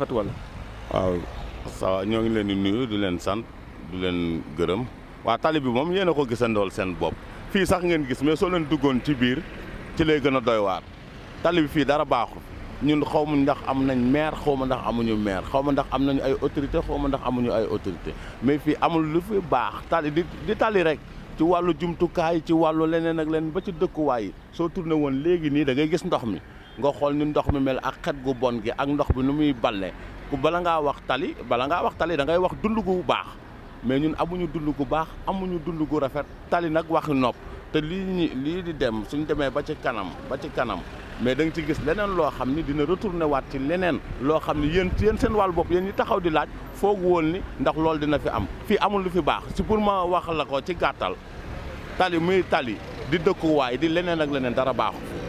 rafet wala. waaw ça ñoo ngi leen di nuyu du leen sant du leen gërëm waa tali bi moom yéen a ko gisandool seen bopp fii sax ngeen gis mais soo leen duggoon ci biir ci lay gën a doy waar tali bi fii dara baaxul ñun xaw ma ndax am nañ maire xaw ma ndax amuñu maire xaw ma ndax am nañu ay autorité xaw ma ndax amuñu ay autorité mais fii amul lu fi baax tali di di tali rek ci wàllu jumtukaay ci wàllu leneen ak leneen ba ci dëkkuwaay yi soo tourné woon léegi nii da ngay gis ndox mi. nga xool ni ndox mi mel ak xet gu bon gi ak ndox bi nu muy balle ku bala ngaa wax tali bala ngaa wax tali da ngay wax dund gu baax mais ñun amuñu dund gu baax amuñu dund gu rafet tali nag waxi nopp te lii ñi lii di dem suñ demee ba ci kanam ba ci kanam mais da nga ci gis leneen loo xam ni dina retourné waat ci leneen loo xam ni yéen yéen seen wàllu bopp yéen ñi taxaw di laaj foogu woon ni ndax loolu dina fi am fii amul lu fi baax si pour ma wax la ko ci gàttal tali muy tali di dëkkuwaay di leneen ak leneen dara baaxu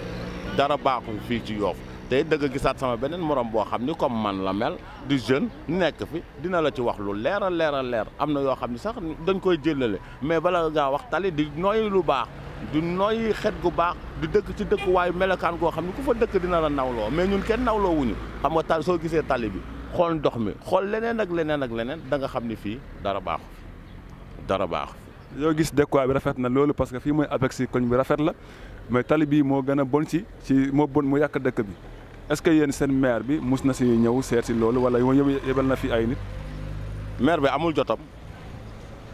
dara baaxul fii ci Yoff tey dëgg gisaat sama beneen morom boo xam ni comme man la mel di jeune nekk fi dina la ci wax lu leer a leer a leer am na yoo xam ne sax dañ koy jëlale mais bala ngaa wax tali di nooy lu baax di nooy xet gu baax di dëkk ci dëkkuwaayu melokaan goo xam ne ku fa dëkk dina la nawloo mais ñun kenn nawloo wuñu xam nga tal soo gisee tali bi xool ndox mi xool leneen ak leneen ak leneen da nga xam ni fii dara baaxu dara baaxu. yoo gis dëkkuwaay bi rafet na loolu que fii mooy apex si koñ bi la. mais tali bii moo gën a bon si si moo bon mu yàkk dëkk bi est-ce que yéen seen maire bi mus na si ñëw seet si loolu wala yebal na fi ay nit. maire bi amul jotam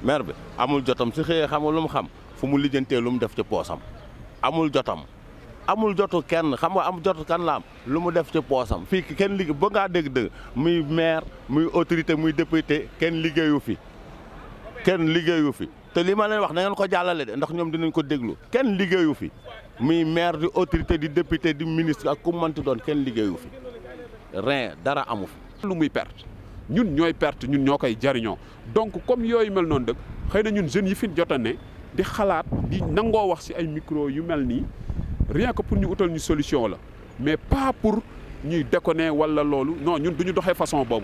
maire bi amul jotam su xëyee xamul lu mu xam fu mu lijjantee lu mu def ci poosam amul jotam. amul jotu kenn xam nga am jotu kan la am lu mu def ci poosam fii ki kenn liggéey ba ngaa dégg-dëgg muy maire muy autorité muy député kenn liggéeyu fi. kenn ligue fi te li wax na ko de ndax ñom maire autorité député di ministre ak ku doon kenn rien dara amu fi. lu muy perte ñun ñoy perte ñun donc comme yoy mel non nous, xeyna ñun jeune yi fi di xalaat di nango wax ci micro rien que pour ñu ñu solution mais pas pour ñuy déconner wala lolu non ñun duñu pas façon façons.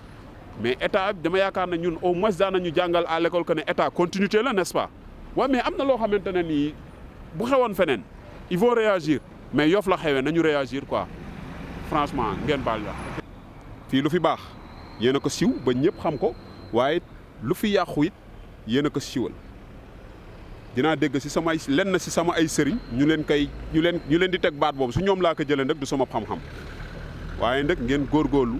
mais état dama yaakaar na ñun au moins daan nañu jàngal à l'école que ne état continuité la n'est-ce pas mais am na loo xamante ne nii bu xewoon feneen ils vont réagir mais Yoff la xewee nañu réagir quoi franchement ngeen baal la. fii lu fi baax yéen a ko siw ba ñëpp xam ko waaye lu fi yàqu it yéen a ko siwal dinaa dégg si samay lenn si sama ay sëriñ ñu leen kay ñu leen ñu leen di teg baat boobu su ñoom laa ko jëlee nag du sama xam-xam waaye nag ngeen góorgóorlu.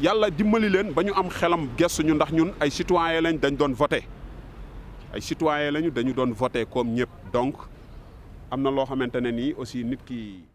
yàlla dimbali leen ba ñu am xelam gestu ñu ndax ñun ay citoyen lañ dañ doon voté ay citoyen lañu dañu doon voté koom ñëpp donc am na loo xamante ne nii aussi nit ki.